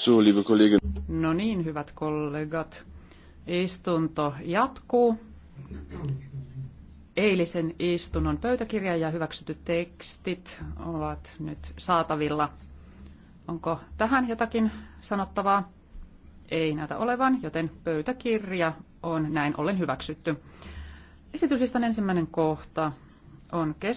So, liebe Kollegen. No niin, hyvät kollegat. Istunto jatkuu. Eilisen istunnon pöytäkirja ja hyväksytyt tekstit ovat nyt saatavilla. Onko tähän jotakin sanottavaa? Ei näitä olevan, joten pöytäkirja on näin ollen hyväksytty. Esityslistan ensimmäinen kohta on keskustelu.